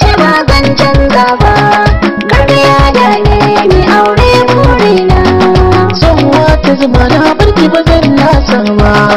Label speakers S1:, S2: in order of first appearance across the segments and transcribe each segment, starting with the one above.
S1: ce ba zan canza ba Karniya da ne ni aure burina Zan wata zuma na barki ba zan ba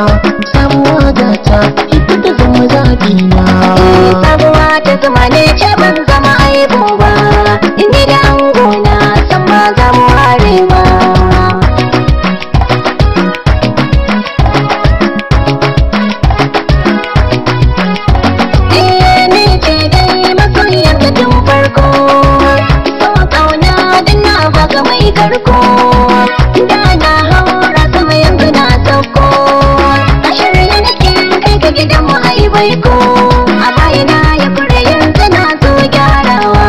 S1: aiko a bayana ya kure yanzu na so gyarawa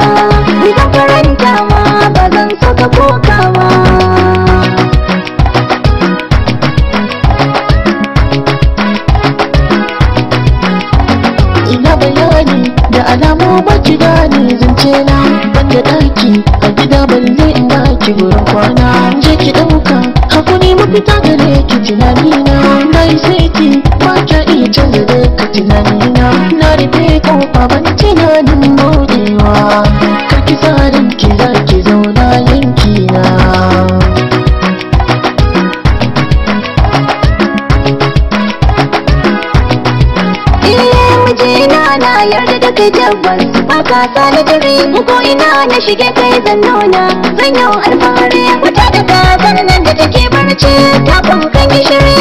S1: ni zan faranta ma ba zan saka kokawa ina bayani da alamu ba ki zance na banda daki a gida ban zai ba ki wurin kwana tunanina na rufe kofa ban tunanin morewa karki tsarin ki ki zauna na yarda da kai tabbas ba ka ina na shige kai zan nuna zan yau alfahari wata daga da take barci kafin kan yi shiri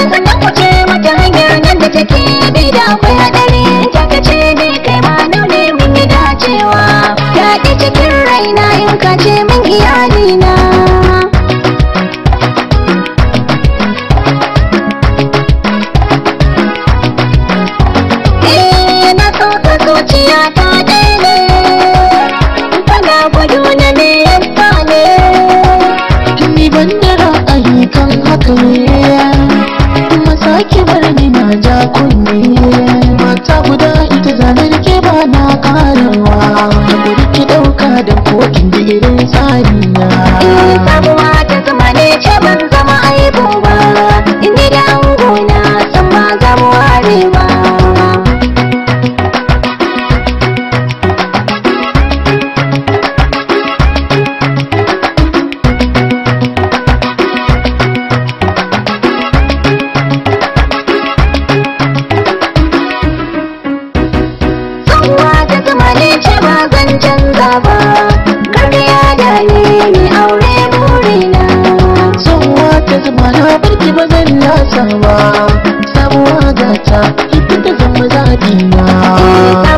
S1: mata guda ita zane ke ba na karawa da ku ki dauka da kokin da tsari gaba karkaya da ni ni aure burina tsohuwa wata zama na barki ba zan lasa ba sabuwa gata ita ta zama na.